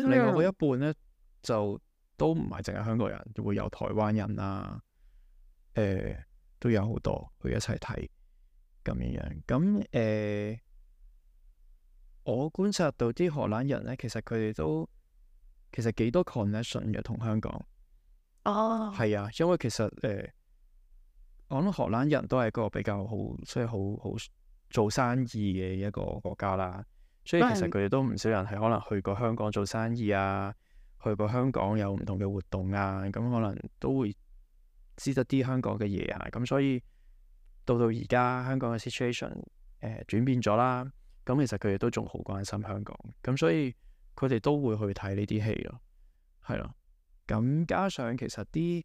，s 另外一半咧就都唔係淨係香港人，會有台灣人啦、啊，誒、呃、都有好多去一齊睇咁樣樣。咁誒、呃，我觀察到啲荷蘭人咧，其實佢哋都其實幾多 connection 嘅同香港。哦。係啊，因為其實誒。呃我諗荷蘭人都係一個比較好，即係好好做生意嘅一個國家啦，所以其實佢哋都唔少人係可能去過香港做生意啊，去過香港有唔同嘅活動啊，咁可能都會知得啲香港嘅嘢啊，咁所以到到而家香港嘅 situation，誒、呃、轉變咗啦，咁其實佢哋都仲好關心香港，咁所以佢哋都會去睇呢啲戲咯，係咯、啊，咁加上其實啲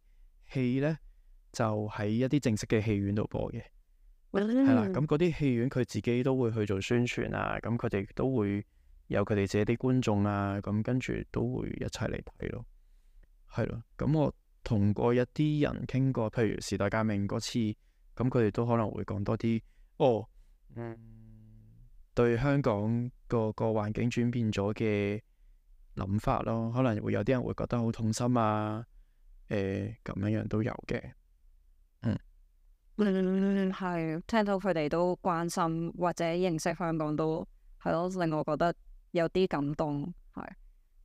戲咧。就喺一啲正式嘅戲院度播嘅，係啦 Well,。咁嗰啲戲院佢自己都會去做宣傳啊。咁佢哋都會有佢哋自己啲觀眾啊。咁跟住都會一齊嚟睇咯。係咯。咁我同過一啲人傾過，譬如時代革命嗰次，咁佢哋都可能會講多啲哦，嗯，對香港個個環境轉變咗嘅諗法咯，可能會有啲人會覺得好痛心啊。誒、呃，咁樣樣都有嘅。係，聽到佢哋都關心或者認識香港都，都係咯，令我覺得有啲感動。係，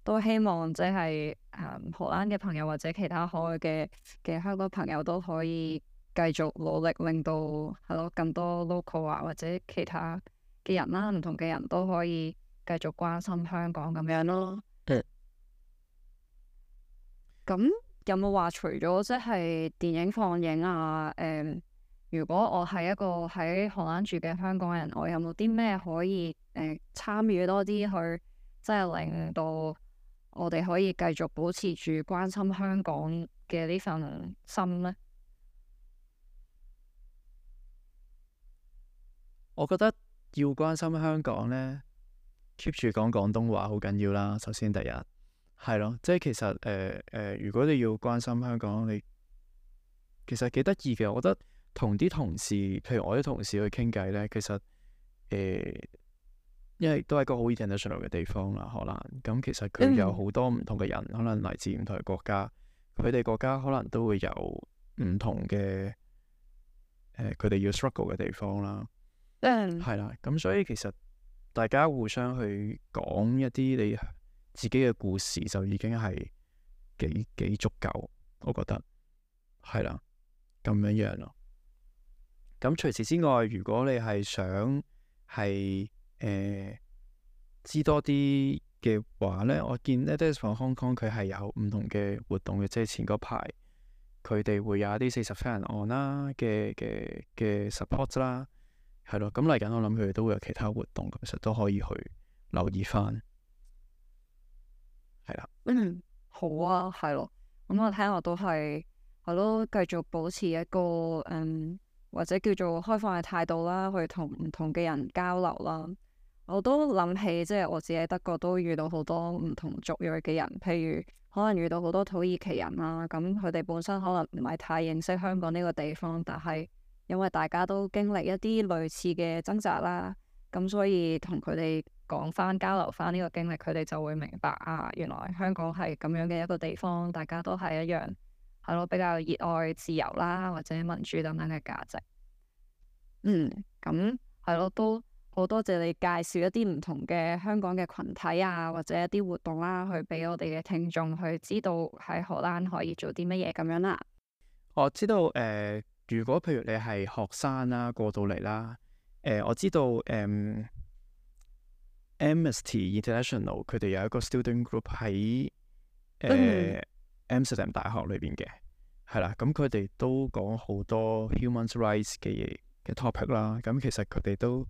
都希望即係、誒嗯、荷蘭嘅朋友或者其他海外嘅嘅香港朋友都可以繼續努力，令到係咯更多 local 啊或者其他嘅人啦、啊，唔同嘅人都可以繼續關心香港咁樣咯。嗯。咁有冇話除咗即係電影放映啊？誒、嗯。如果我係一個喺荷蘭住嘅香港人，我有冇啲咩可以誒、呃、參與多啲，去即係令到我哋可以繼續保持住關心香港嘅呢份心呢？我覺得要關心香港呢，keep 住講廣東話好緊要啦。首先第一係咯，即係其實誒誒、呃呃，如果你要關心香港，你其實幾得意嘅，我覺得。同啲同事，譬如我啲同事去傾偈咧，其實誒、欸，因為都係一個好 international 嘅地方啦，嗯、可能咁，其實佢有好多唔同嘅人，可能嚟自唔同嘅國家，佢哋國家可能都會有唔同嘅誒，佢哋要 struggle 嘅地方啦。嗯，係啦，咁所以其實大家互相去講一啲你自己嘅故事，就已經係幾幾足夠，我覺得係啦，咁樣樣咯。咁除此之外，如果你係想係誒、呃、知多啲嘅話咧，我見呢度 Hong Kong 佢係有唔同嘅活動嘅，即係前嗰排佢哋會有一啲四十人案啦嘅嘅嘅 support 啦，係咯。咁嚟緊我諗佢哋都會有其他活動，其實都可以去留意翻，係啦、啊。嗯，好啊，係咯。咁我聽我都係係咯，繼續保持一個嗯，或者叫做開放嘅態度啦，去同唔同嘅人交流啦，我都諗起即係、就是、我自己喺德國都遇到好多唔同族裔嘅人，譬如可能遇到好多土耳其人啦，咁佢哋本身可能唔係太認識香港呢個地方，但係因為大家都經歷一啲類似嘅掙扎啦，咁所以同佢哋講翻交流翻呢個經歷，佢哋就會明白啊，原來香港係咁樣嘅一個地方，大家都係一樣。係咯，比較熱愛自由啦，或者民主等等嘅價值。嗯，咁係咯，都好多謝你介紹一啲唔同嘅香港嘅群體啊，或者一啲活動啦，去俾我哋嘅聽眾去知道喺荷蘭可以做啲乜嘢咁樣啦。我知道，誒、呃，如果譬如你係學生啦、啊，過到嚟啦，誒、呃，我知道，誒、呃，Amnesty International 佢哋有一個 student group 喺誒、呃嗯阿姆斯特丹大學裏邊嘅係啦，咁佢哋都講好多 human rights 嘅嘢嘅 topic 啦，咁其實佢哋都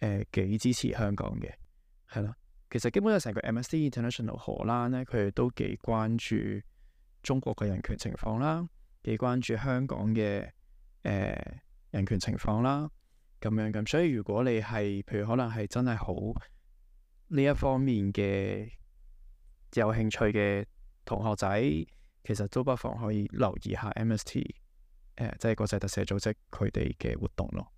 誒幾、呃、支持香港嘅，係啦。其實基本上成個 MSc International 荷蘭咧，佢哋都幾關注中國嘅人權情況啦，幾關注香港嘅誒、呃、人權情況啦，咁樣咁。所以如果你係譬如可能係真係好呢一方面嘅有興趣嘅。同學仔，其實都不妨可以留意下 MST，誒，即係國際特赦組織佢哋嘅活動咯。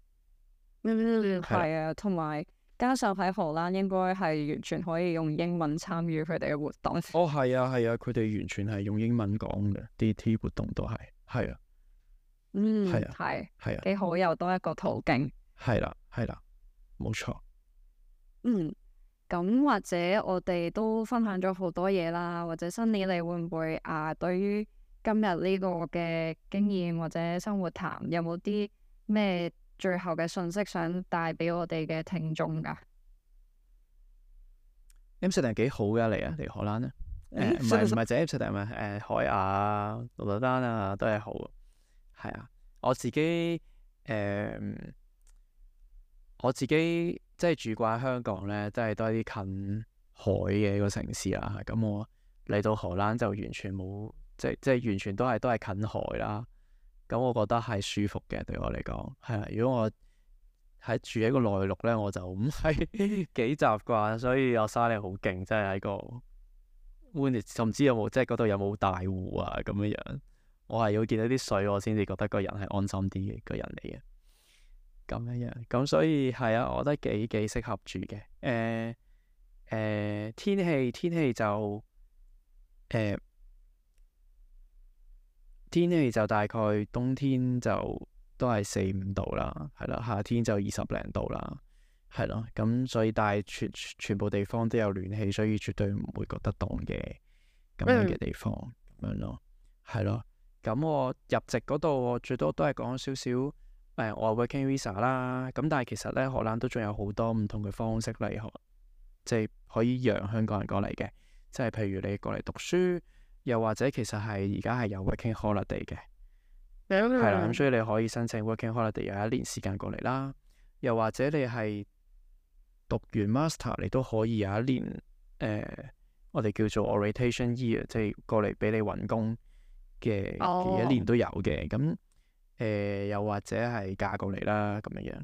嗯，係啊，同埋加上喺荷蘭，應該係完全可以用英文參與佢哋嘅活動。哦，係啊，係啊，佢哋完全係用英文講嘅，D T 活動都係，係啊，嗯，係啊，係，係啊，幾好又多一個途徑。係啦，係啦，冇錯。嗯。咁或者我哋都分享咗好多嘢啦，或者新年你會唔會啊？對於今日呢個嘅經驗或者生活談，有冇啲咩最後嘅信息想帶俾我哋嘅聽眾㗎？Amsterdam 幾好㗎，啊，嚟啊嚟荷蘭咧，誒唔係唔係只 Amsterdam 咪海牙啊、鹿特、啊、丹啊都係好，係啊，我自己誒、呃、我自己。即係住慣香港咧，即係都係多啲近海嘅一個城市啦、啊。咁我嚟到荷蘭就完全冇，即係即係完全都係都係近海啦。咁我覺得係舒服嘅，對我嚟講係啊。如果我喺住喺個內陸咧，我就唔係幾習慣，所以我嘥力好勁，真係喺個，甚至有冇即係嗰度有冇大湖啊咁樣樣。我係要見到啲水，我先至覺得個人係安心啲嘅個人嚟嘅。咁樣樣，咁所以係啊，我覺得幾幾適合住嘅。誒、呃、誒、呃，天氣天氣就誒、呃、天氣就大概冬天就都係四五度啦，係啦、啊，夏天就二十零度啦，係咯、啊。咁所以但係全全，全部地方都有暖氣，所以絕對唔會覺得凍嘅咁樣嘅地方咁、嗯、樣咯，係咯、啊。咁我入籍嗰度，我最多都係講少少。誒、嗯，我係 working visa 啦，咁但係其實咧，荷蘭都仲有好多唔同嘅方式嚟，即係、就是、可以讓香港人過嚟嘅，即係譬如你過嚟讀書，又或者其實係而家係有 working holiday 嘅，係啦、嗯，咁所以你可以申請 working holiday，有一年時間過嚟啦，又或者你係讀完 master，你都可以有一年，誒、呃，我哋叫做 orientation year，即係過嚟俾你揾工嘅幾一年都有嘅，咁、哦。誒、呃，又或者係嫁過嚟啦，咁樣樣，誒、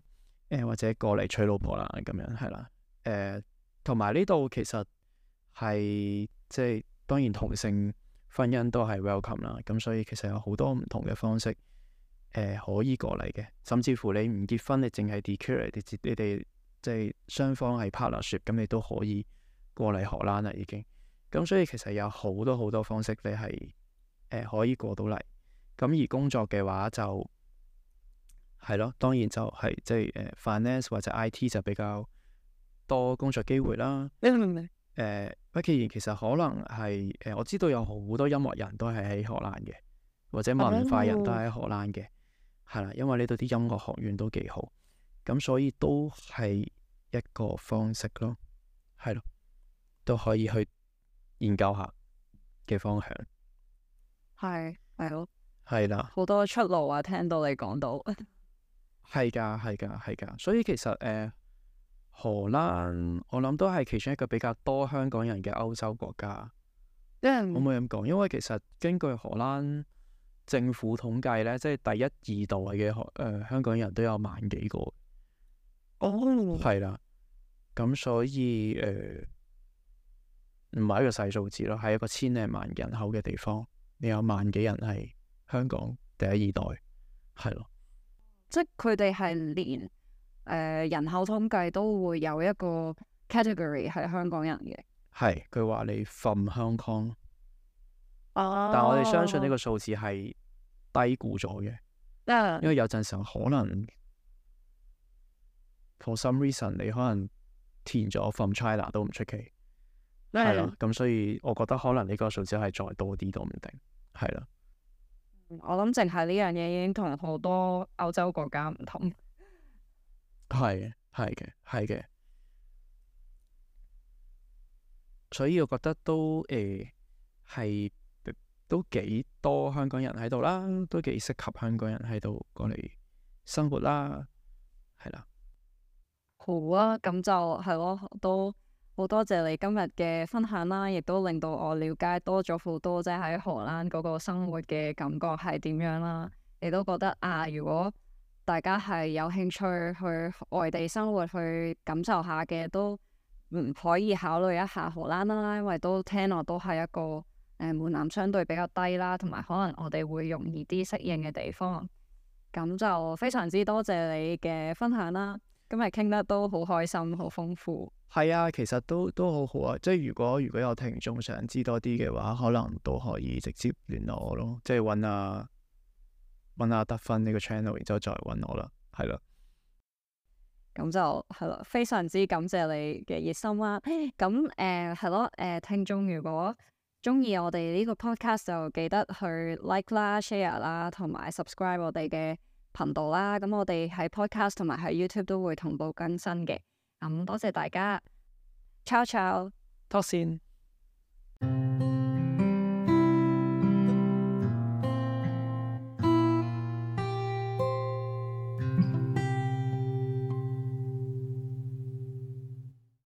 呃，或者過嚟娶老婆啦，咁樣係啦，誒、呃，同埋呢度其實係即係，當然同性婚姻都係 welcome 啦，咁、嗯、所以其實有好多唔同嘅方式，誒、呃，可以過嚟嘅，甚至乎你唔結婚，你淨係 declare 你你哋即係雙方係 partnership，咁、嗯、你都可以過嚟荷蘭啦，已經，咁、嗯、所以其實有好多好多方式你，你係誒可以過到嚟。咁而工作嘅話就係咯，當然就係、是、即係誒、呃、finance 或者 IT 就比較多工作機會啦。你明唔明？誒，不其然，其實可能係誒、呃，我知道有好多音樂人都係喺荷蘭嘅，或者文化人都係喺荷蘭嘅，係啦， 因為呢度啲音樂學院都幾好，咁所以都係一個方式咯，係咯，都可以去研究下嘅方向，係係咯。係啦，好多出路啊！聽到你講到，係噶係噶係噶，所以其實誒、呃，荷蘭我諗都係其中一個比較多香港人嘅歐洲國家。我可唔可以咁講？因為其實根據荷蘭政府統計咧，即係第一二代嘅誒、呃、香港人都有萬幾個。哦。係啦，咁所以誒，呃，唔係一個細數字咯，係一個千零萬人口嘅地方，你有萬幾人係。香港第一二代，係咯，即係佢哋係連誒、呃、人口統計都會有一個 category 係香港人嘅。係，佢話你 from Hong Kong，oh, 但係我哋相信呢個數字係低估咗嘅。Uh, 因為有陣時候可能 for some reason 你可能填咗 from China 都唔出奇。係咯、uh, 係，咁所以我覺得可能呢個數字係再多啲都唔定，係啦。我諗淨係呢樣嘢已經同好多歐洲國家唔同，係嘅，係嘅，係嘅，所以我覺得都誒係、欸、都幾多香港人喺度啦，都幾適合香港人喺度過嚟生活啦，係啦，好啊，咁就係咯，都。好多謝你今日嘅分享啦，亦都令到我了解多咗好多，即係喺荷蘭嗰個生活嘅感覺係點樣啦。亦都覺得啊，如果大家係有興趣去外地生活去感受下嘅，都唔可以考慮一下荷蘭啦，因為都聽落都係一個誒、呃、門檻相對比較低啦，同埋可能我哋會容易啲適應嘅地方。咁就非常之多謝你嘅分享啦。今日傾得都好開心，好豐富。係啊，其實都都好好啊！即係如果如果有聽眾想知多啲嘅話，可能都可以直接聯絡我咯。即係揾啊揾啊得分呢個 channel，然之後再揾我啦。係啦、啊。咁就係啦、啊，非常之感謝你嘅熱心啦、啊。咁誒係咯，誒、呃啊呃、聽眾、呃、如果中意我哋呢個 podcast，就記得去 like 啦、share 啦，同埋 subscribe 我哋嘅頻道啦，咁我哋喺 Podcast 同埋喺 YouTube 都會同步更新嘅。咁多謝大家，Ciao ciao，多謝。